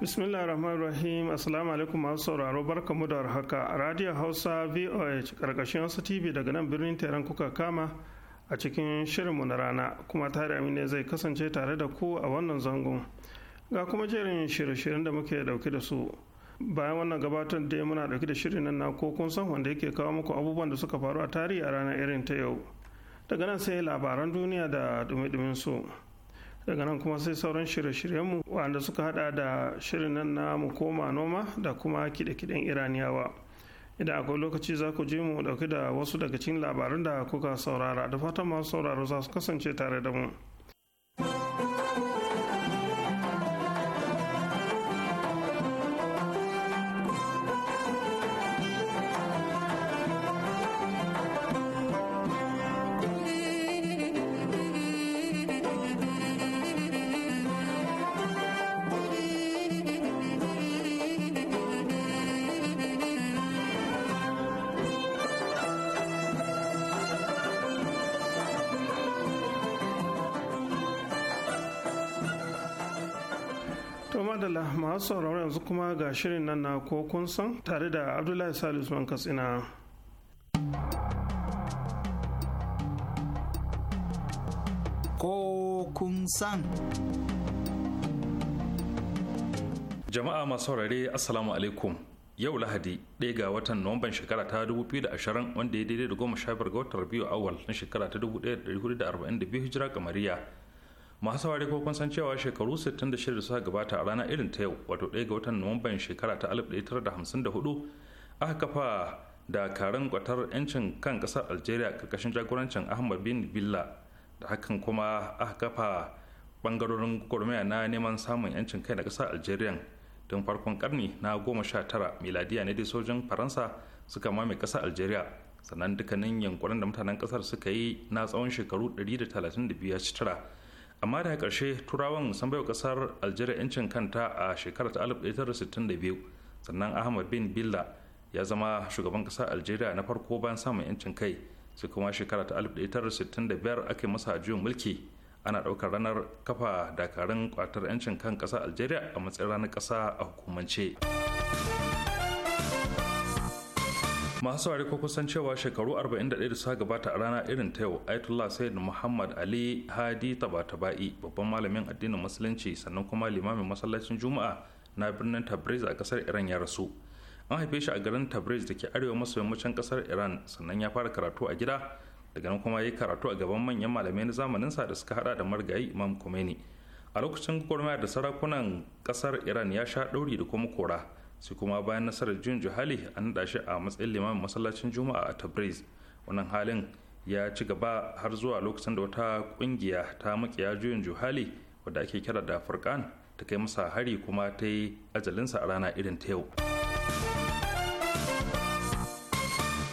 bismillah rahman rahim assalamu alaikum masu sauraro barkamu da haka radio hausa voh karkashin wasu tv daga nan birnin teran kuka kama a cikin shirinmu na rana kuma tare ne zai kasance tare da ku a wannan zangon ga kuma jerin shirye-shiryen da muke dauke da su bayan wannan gabatar da muna dauke da shirin nan na ko kun san wanda yake kawo muku abubuwan da suka faru a tarihi a ranar irin ta yau daga nan sai labaran duniya da dumi-dumin su daga nan kuma sai sauran shirye-shiryenmu wanda suka hada da shirin nan na mu koma noma da kuma kide-kiden iraniyawa idan akwai lokaci za ku je mu dauki da wasu daga cikin labarin da kuka saurara da fatan masu sauraro za su kasance tare da mu madalla masu sauraron yanzu kuma ga shirin nan na ko kun san tare da abdullahi salisu usman katsina ko kun san jama'a masu saurare assalamu alaikum yau lahadi ɗaya ga watan nuwamban shekara ta 2020 wanda ya daidai da goma sha biyar ga watan biyu awal na shekara ta 1442 hijira kamariya masu saurare ko kun san cewa shekaru 66 da suka gabata a ranar irin ta yau wato ɗaya ga watan nuwamban shekara ta 1954 aka kafa dakarun kwatar 'yancin kan ƙasar algeria ƙarƙashin jagorancin ahmad bin billa da hakan kuma aka kafa bangarorin gwagwarmaya na neman samun 'yancin kai na ƙasar algeria tun farkon karni na goma sha tara miladiya ne dai sojin faransa suka mame ƙasar algeria sannan dukkanin yankunan da mutanen ƙasar suka yi na tsawon shekaru 135 ya ci tara amma daga ƙarshe turawan sun baiwa ƙasar aljeriya 'yancin kanta a shekarar ta 1962 sannan ahmad bin billa ya zama shugaban ƙasar aljeriya na farko bayan samun 'yancin kai sai kuma shekara ta 1965 ake masa juyin mulki ana ɗaukar ranar kafa dakarun kwatar 'yancin kan ƙasar aljeriya a matsayin ranar ƙasa a hukumance masu saurari ko kusan cewa shekaru 41 da suka gabata a rana irin ta yau ayatollah sayyid muhammad ali hadi tabatabai babban malamin addinin musulunci sannan kuma limamin masallacin juma'a na birnin tabriz a kasar iran ya rasu an haife shi a garin tabriz da ke arewa maso yammacin kasar iran sannan ya fara karatu a gida daga nan kuma ya karatu a gaban manyan malamai na zamanin sa da suka hada da margayi imam khomeini a lokacin gwagwarmaya da sarakunan kasar iran ya sha dauri da kuma kora sai kuma bayan nasarar jun juhali an naɗa shi a matsayin limamin masallacin juma'a a tabriz wannan halin ya ci gaba har zuwa lokacin da wata kungiya ta makiya juyin juhali wadda ake kira da furkan ta kai masa hari kuma ta yi ajalinsa a rana irin ta yau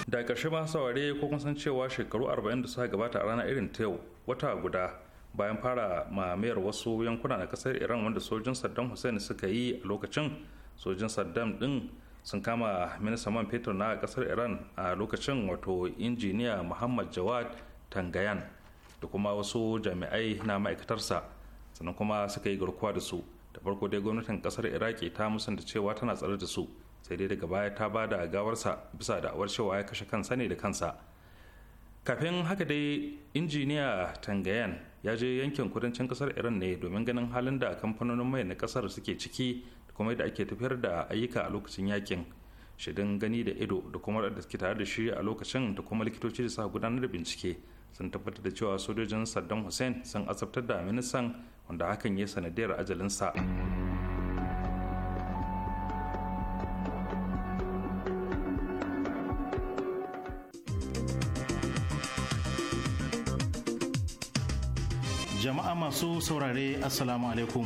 da ƙarshe ma saware ko kun san cewa shekaru 40 da suka gabata a rana irin ta yau wata guda bayan fara mamayar wasu yankuna na ƙasar iran wanda sojin saddam hussein suka yi a lokacin sojin saddam din sun kama ministan man fetur na kasar iran a lokacin wato injiniya muhammad jawad tangayan da kuma wasu jami'ai na ma'aikatarsa sannan kuma suka yi garkuwa da su da farko dai gwamnatin kasar iraki ta musanta cewa tana tsare da su sai dai daga baya ta ba da gawarsa bisa da awar cewa ya kashe kansa ne da kansa kafin haka dai injiniya tangayan ya je yankin kudancin kasar iran ne domin ganin halin da kamfanonin mai na kasar suke ciki kuma yadda ake tafiyar da ayyuka a lokacin yakin shaidan gani da ido da kuma da suke tare da shi a lokacin da kuma likitoci da suka gudanar da bincike sun tabbatar da cewa sojojin saddam hussein sun azabtar da ministan wanda hakan ya sanadiyar ajalinsa jama'a masu saurare assalamu alaikum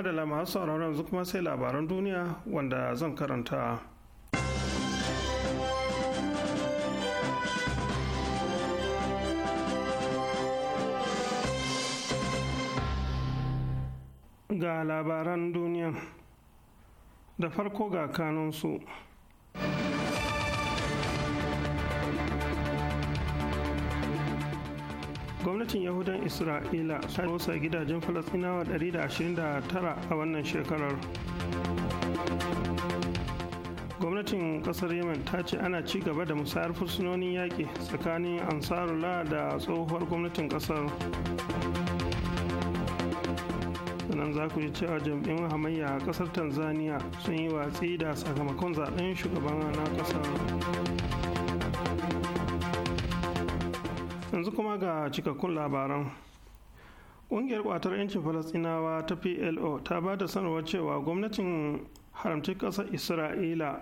madala masu sauraron yanzu kuma sai labaran duniya wanda zan karanta ga labaran duniya da farko ga kanunsu gwamnatin yahudan isra'ila ta rusa gidajen falasinawa 129 a wannan shekarar gwamnatin kasar yemen ta ce ana ci gaba da musayar fursunonin yaƙi tsakanin ansarula da tsohuwar gwamnatin kasar sannan za ku ji cewa jam'in hamayya a kasar tanzania sun yi watsi da sakamakon zaɓen shugaban na kasar yanzu kuma ga cikakkun labaran ƙungiyar ƙwatar 'yancin falasɗinawa ta plo ta ba da sanarwar cewa gwamnatin haramci ƙasar isra'ila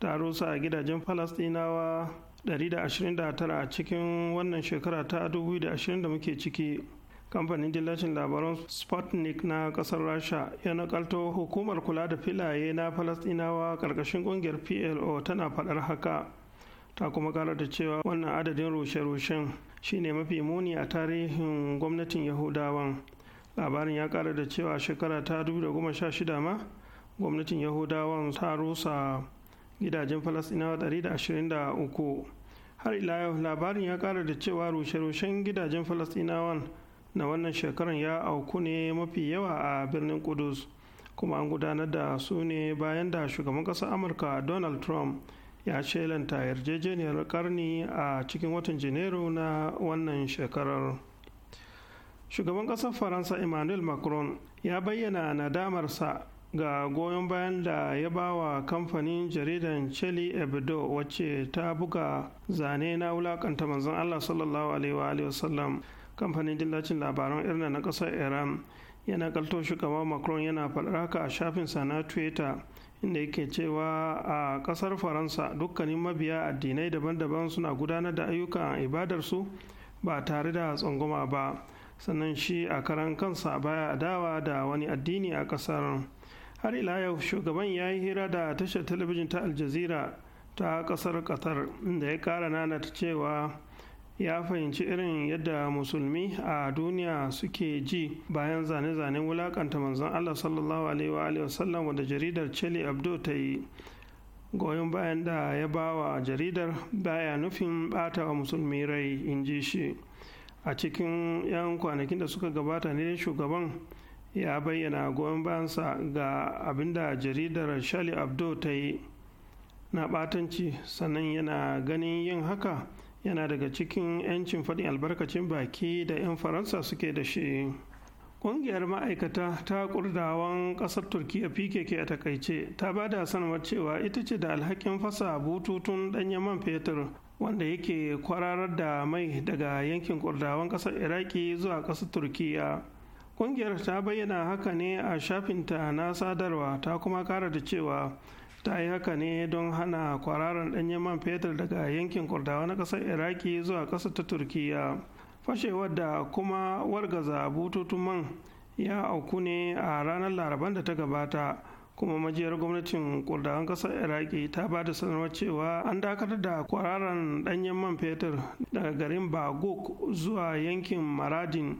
ta rusa a gidajen falasɗinawa 129 a cikin wannan shekara ta 2020 da muke ciki kamfanin dillacin labaran sputnik na ƙasar rasha ya nakalto hukumar kula da filaye na Falasɗinawa karkashin ƙungiyar plo tana faɗar haka ta kuma kara da cewa wannan adadin rushe-rushen shine mafi muni a tarihin gwamnatin Yahudawa. labarin ya kara da cewa shekara ta 2016 ma gwamnatin Yahudawa ta rusa gidajen falasinawa 123 har ila yau labarin ya kara da cewa rushe-rushen gidajen falasinawan na wannan shekaran ya auku ne mafi yawa a birnin kudus kuma an gudanar da su ne bayan da shugaban ƙasar amurka donald trump ya shelanta yarjejeniyar karni a cikin watan janairu na wannan shekarar shugaban kasar faransa emmanuel macron ya bayyana nadamarsa ga goyon bayan da ya ba wa kamfanin jaridan cheli ebdo wacce ta buga zane na wulakanta manzon allah sallallahu alaihi wasallam kamfanin dillacin labaran irna na kasar iran yana kalto shugaban macron yana faɗa haka a shafinsa na twitter inda yake cewa a kasar faransa dukkanin mabiya addinai daban-daban suna gudanar da ayyukan ibadarsu ba tare da tsangwama ba sannan shi a karan kansa baya adawa da wani addini a kasar har ila yau shugaban ya yi hira da tashar talabijin ta aljazira ta kasar qatar inda ya kara nanata cewa ya fahimci irin yadda musulmi a duniya suke ji bayan zane-zanen wulakanta manzon Allah sallallahu alaihi wa sallam wadda jaridar Chile Abdo ta yi goyon bayan da ya bawa jaridar baya nufin bata wa musulmi rai in ji shi a cikin 'yan kwanakin da suka gabata ne shugaban ya bayyana goyon bayansa ga abinda jaridar Charlie Abdo ta yi na ɓatanci sannan yana ganin yin haka yana daga cikin 'yancin faɗin albarkacin baki da 'yan faransa suke da shi ƙungiyar ma'aikata ta kurdawan ƙasar turkiya pkk a takaice ta ba da sanarwar cewa ita ce da alhakin fasa bututun ɗanyen man fetur wanda yake kwararar da mai daga yankin kurdawan ƙasar iraki zuwa ƙasar Turkiyya. ƙungiyar ta bayyana haka ne a shafinta na sadarwa ta kuma kara da cewa ta yi haka ne don hana kwararan ɗanyen man fetur daga yankin kurdawa na ƙasar iraki zuwa ƙasar ta turkiya fashewar da kuma wargaza bututun man ya auku ne a ranar laraban da ta gabata kuma majiyar gwamnatin kurdawan ƙasar iraki ta ba da sanarwar cewa an dakatar da kwararan ɗanyen man fetur daga garin bagok zuwa yankin maradin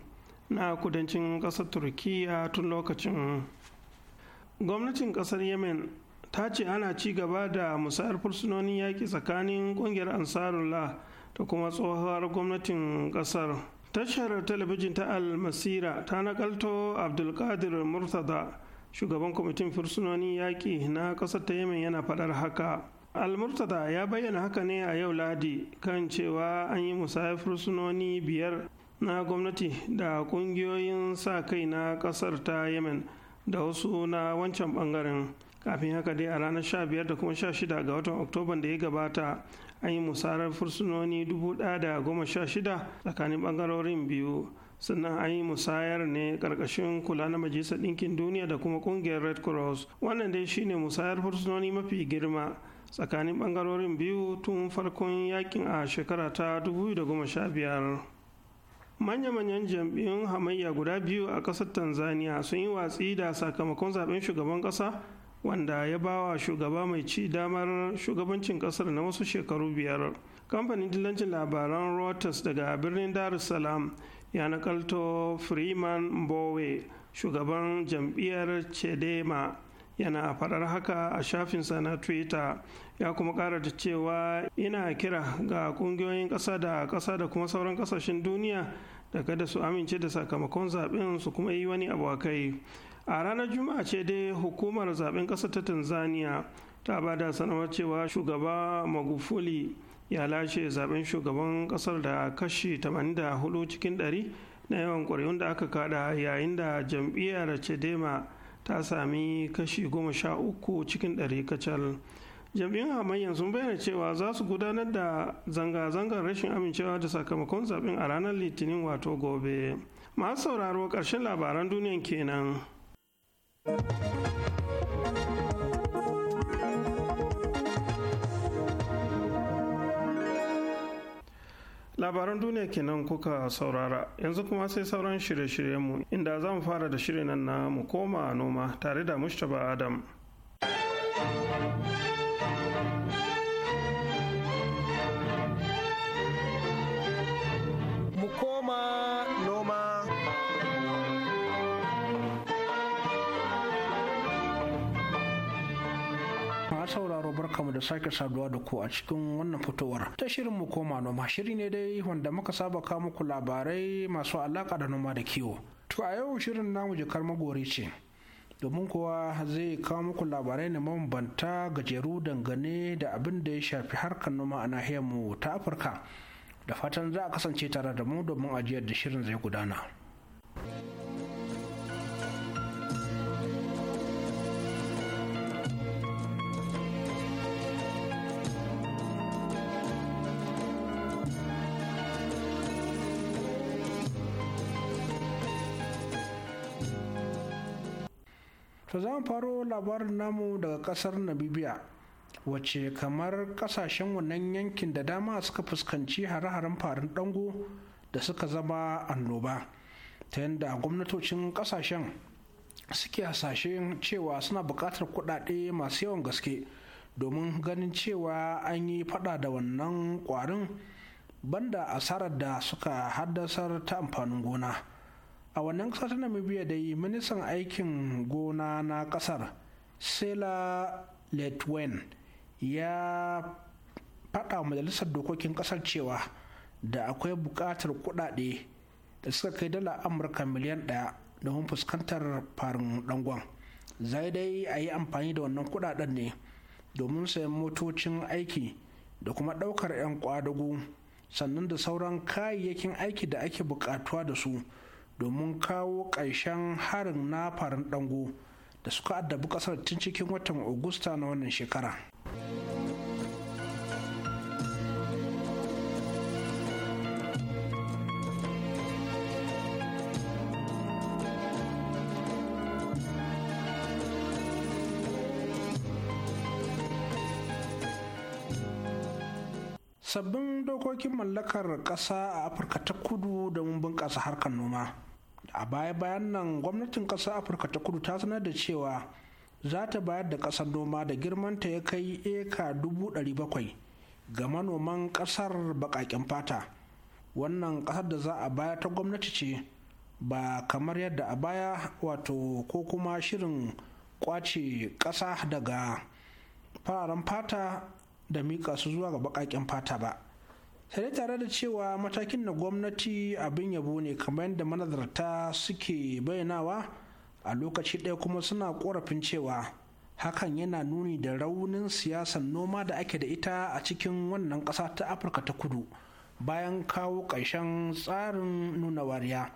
na kudancin ƙasar turkiya tun lokacin gwamnatin ƙasar yemen ta ce ana ci gaba da musayar fursunonin yaƙi tsakanin ƙungiyar ansarullah da kuma tsohuwar gwamnatin ƙasar tashar talabijin ta Almasira masira ta nakalto abdulkadir murtada shugaban kwamitin fursunonin yaƙi na ƙasar ta yemen yana faɗar haka al-murtada ya bayyana haka ne a yau ladi kan cewa an yi musayar fursunoni biyar na gwamnati da ƙungiyoyin sa kai na ƙasar ta yemen da wasu na wancan ɓangaren kafin haka dai a ranar 15 da kuma 16 ga watan oktoban da ya gabata an yi musarar fursunoni shida tsakanin bangarorin biyu sannan an yi musayar ne karkashin kula na majalisar ɗinkin duniya da kuma ƙungiyar red cross wannan dai shine musayar fursunoni mafi girma tsakanin bangarorin biyu tun farkon yakin a shekara ta 2015 manya-manyan jam'iyyun hamayya guda biyu a ƙasar tanzania sun yi watsi da sakamakon zaben shugaban ƙasa wanda ya bawa shugaba mai ci damar shugabancin kasar na wasu shekaru biyar kamfanin dillancin labaran reuters daga birnin dar es salaam ya nakalto freeman bowe shugaban jam'iyyar chedema yana faɗar haka a shafinsa na twitter ya kuma ƙara da cewa ina kira ga ƙungiyoyin ƙasa da ƙasa da kuma sauran ƙasashen duniya da kada su amince da sakamakon zaɓen su kuma yi wani abu a kai a ranar juma'a ce dai hukumar zaben ƙasar ta tanzania ta ba da sanarwar cewa shugaba magufuli ya lashe zaben shugaban ƙasar da kashi 84 cikin 100 na yawan ƙuri'un da aka kada yayin da jam'iyyar cedema ta sami kashi 13 cikin 100 kacal jam'iyyun hamayya sun bayyana cewa za su gudanar da zanga-zangar rashin amincewa da sakamakon zaben a ranar litinin wato gobe masu sauraro ƙarshen labaran duniyan kenan. labaran duniya kenan kuka saurara yanzu kuma sai sauran shirye-shiryenmu inda za mu fara da shirin nan na mu koma noma tare da mustapha adam mu da sake saduwa da ku a cikin wannan fitowar ta shirin mu koma noma shiri ne dai wanda muka saba kawo muku labarai masu alaka da noma da kiwo to a yau shirin namu jikar magori ce domin kuwa zai kawo muku labarai ne mambanta gajeru dangane da abin da ya shafi harkar noma a nahiyar mu ta afirka da fatan za a kasance tare da mu domin ajiyar da shirin zai gudana. to za mu faro labarin namu daga kasar namibia wacce kamar kasashen wannan yankin da dama suka fuskanci hare-haren farin dango da suka zama annoba ta yadda gwamnatocin kasashen suke hasashen cewa suna buƙatar kuɗaɗe masu yawan gaske domin ganin cewa an yi fada da wannan ƙwarin banda asarar da suka haddasar ta amfanin gona. a wannan ta namibia dai ministan aikin gona na ƙasar sela letwen ya faɗa majalisar dokokin ƙasar cewa da akwai buƙatar kuɗaɗe da suka kai dala amurka miliyan ɗaya domin fuskantar farin dangon zai dai a yi amfani da wannan kuɗaɗen ne domin sayan motocin aiki da kuma ɗaukar 'yan ƙwadago sannan da sauran kayayyakin aiki da ake buƙatuwa da su domin kawo ƙarshen harin na farin dango da suka addabi ƙasar tun cikin watan Agusta na wannan shekara. sabbin dokokin mallakar ƙasa a afirka ta kudu da mun bunƙasa harkar noma a baya-bayan nan gwamnatin ƙasar afirka ta kudu ta sanar da cewa za ta bayar da ƙasar noma da girmanta ya kai eka dubu bakwai ga manoman ƙasar baƙaƙen fata wannan ƙasar da za a baya ta gwamnati ce ba kamar yadda a baya wato ko kuma shirin kwace ƙasa daga fararen fata da miƙa su zuwa ga baƙaƙen fata ba sai tare da cewa matakin na gwamnati abin yabo ne kamar yadda manazarta suke bayyanawa a lokaci ɗaya kuma suna korafin cewa hakan yana nuni da raunin siyasar noma da ake da ita a cikin wannan ƙasa ta afirka ta kudu bayan kawo ƙarshen tsarin nuna wariya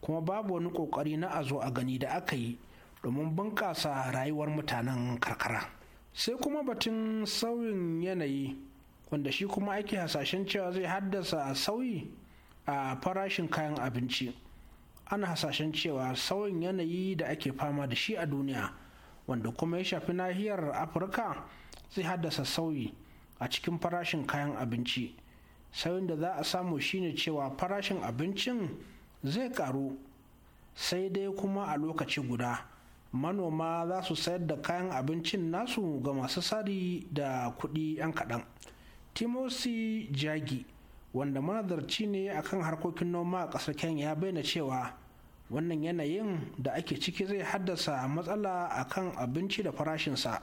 kuma babu wani ƙoƙari na a zo a gani da aka yi domin bunƙasa rayuwar mutanen karkara sai kuma batun sauyin yanayi wanda shi kuma ake hasashen cewa zai haddasa sauyi a farashin kayan abinci ana hasashen cewa sauyin yanayi da ake fama da shi a duniya wanda kuma ya shafi nahiyar afirka zai haddasa sauyi a cikin farashin kayan abinci sauyin da za a samu shine cewa farashin abincin zai karu sai dai kuma a lokaci guda manoma za su sayar da kayan abincin nasu ga masu sari da kuɗi 'yan kaɗan timothy jagi wanda manazarci ne akan harkokin noma a ƙasar kenya ya bayyana cewa wannan yanayin da ake ciki zai haddasa matsala a kan abinci da farashinsa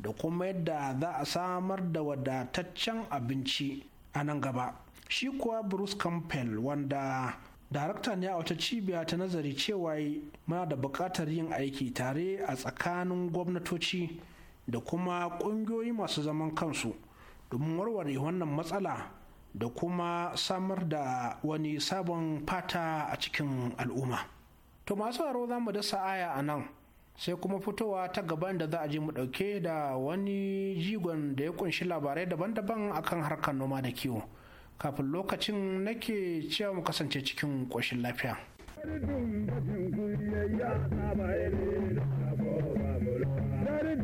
da kuma yadda za a samar da wadataccen abinci a nan gaba shi kuwa bruce campbell wanda darakta ne a wata cibiya ta nazari cewa muna da buƙatar yin aiki tare a tsakanin gwamnatoci da kuma ƙungiyoyi masu zaman kansu domin warware wannan matsala da kuma samar da wani sabon fata a cikin al'umma to masu haro za mu dasa aya a nan sai kuma fitowa ta gaban da za a je mu ɗauke da wani jigon da ya kunshi labarai daban-daban akan harkar noma da kiwo kafin lokacin nake cewa mu kasance cikin ƙoshin lafiya. Dari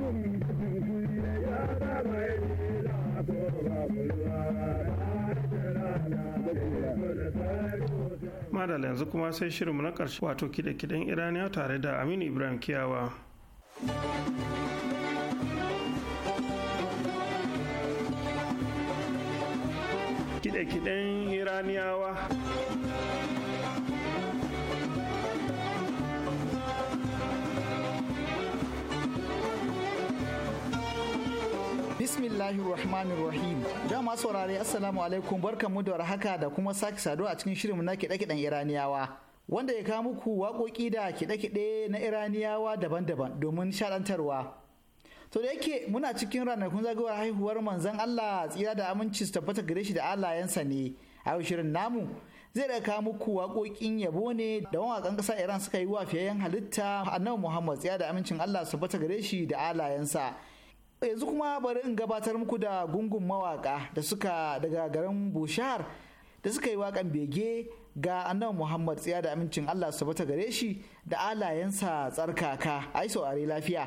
madala yanzu kuma sai shirinmu na ƙarshe wato kide-kiden iraniya tare da aminu ibrahim kiyawa kide-kiden iraniyawa bismillahir rahmanir rahim saurare assalamu alaikum mu da warhaka da kuma sake saduwa a cikin shirinmu na kiɗe-kiɗen iraniyawa wanda ya kawo muku wakoki da kiɗe-kiɗe na iraniyawa daban-daban domin shaɗantarwa to da yake muna cikin ranakun zagawar haihuwar manzon allah tsira da aminci su tabbata gare shi da alayensa ne a yau shirin namu zai da kawo muku waƙoƙin yabo ne da mawaƙan ƙasa Iran suka yi wa fiyayen halitta annabi Muhammad tsira da amincin Allah su tabbata gare shi da alayensa yanzu kuma bari in gabatar muku da gungun mawaka da suka daga garin bushar da suka yi wakan bege ga annabi muhammad tsiya da amincin allah su bata gare shi da alayensa tsarkaka ai saurari lafiya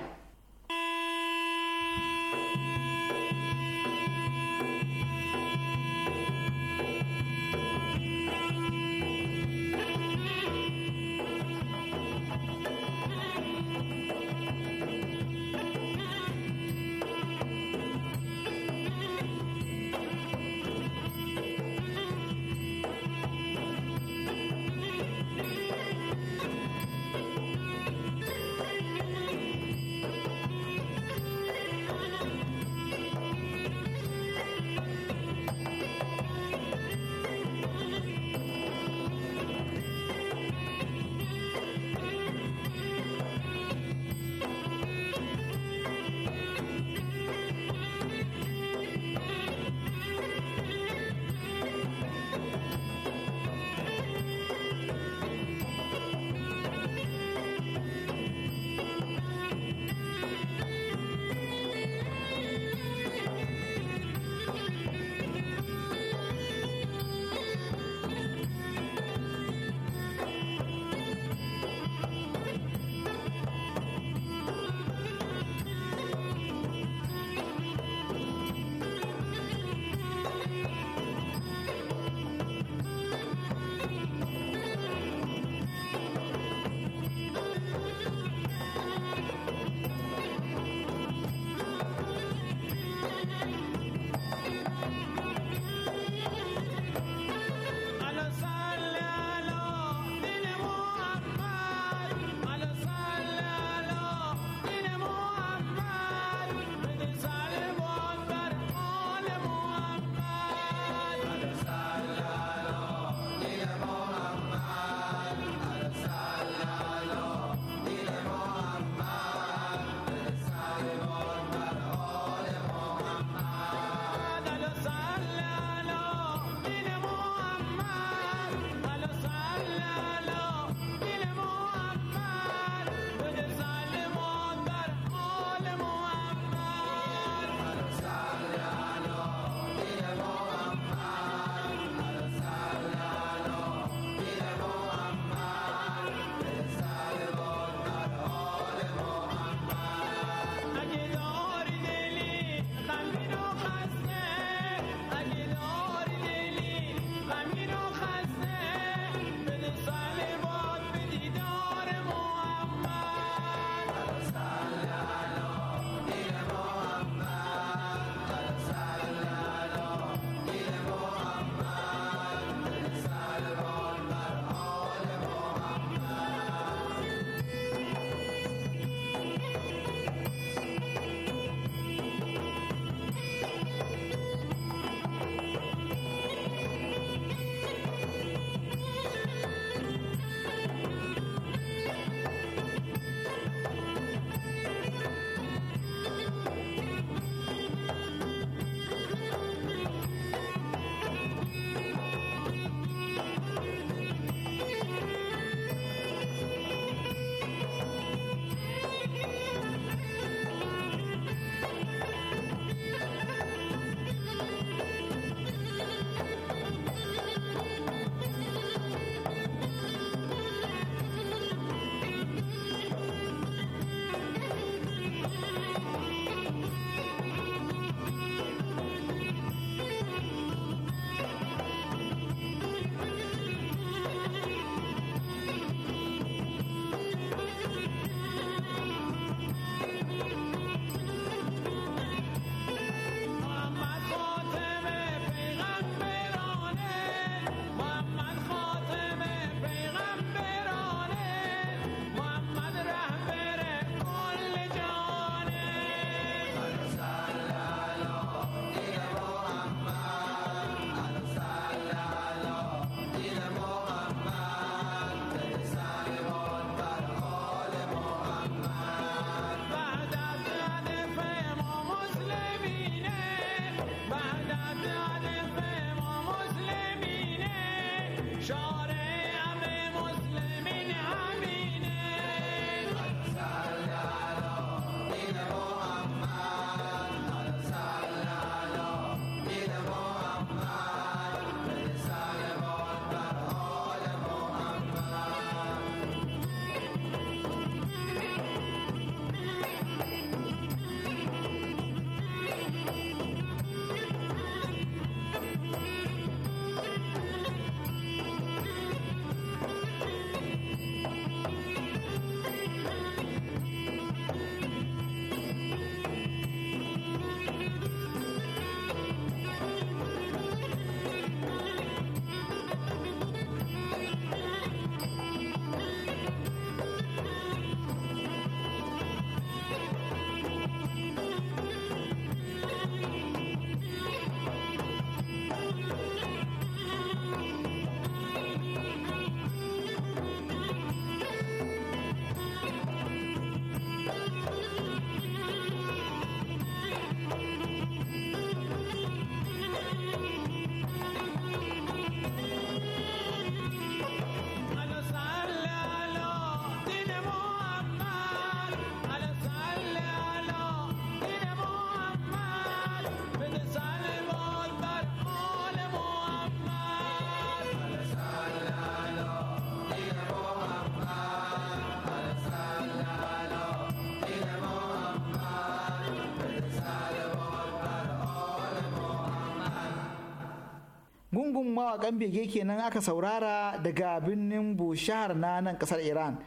mawakan bege kenan aka saurara daga birnin bushahar na nan kasar iran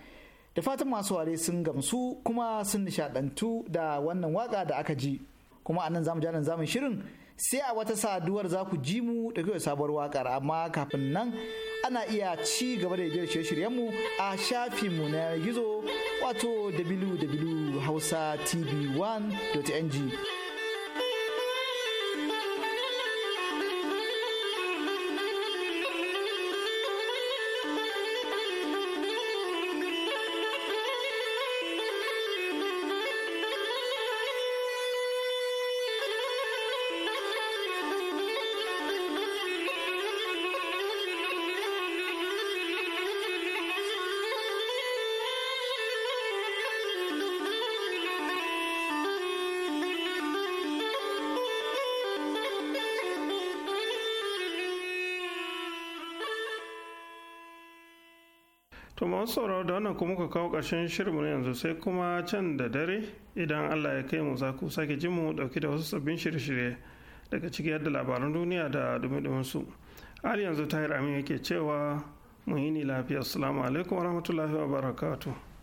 da fatan masu ware sun gamsu kuma sun nishadantu da wannan waka da aka ji kuma anan zamu ja nan zamu shirin sai a wata saduwar za ku ji mu da sabuwar wakar amma kafin nan ana iya ci gaba da biyar shirye mu a shafin mu na gizo wato www.hausatv1.ng sauraro da wannan kuma ka kawo ƙarshen shirinmu na yanzu sai kuma can da dare idan Allah ya kai mu za ku sake jin mu dauki da wasu sabbin shirye-shirye daga ciki yadda labaran duniya da dumi su. har yanzu tahir amin yake cewa mu yi ni lafiya assalamu alaikum warahmatullahi wabarakatuh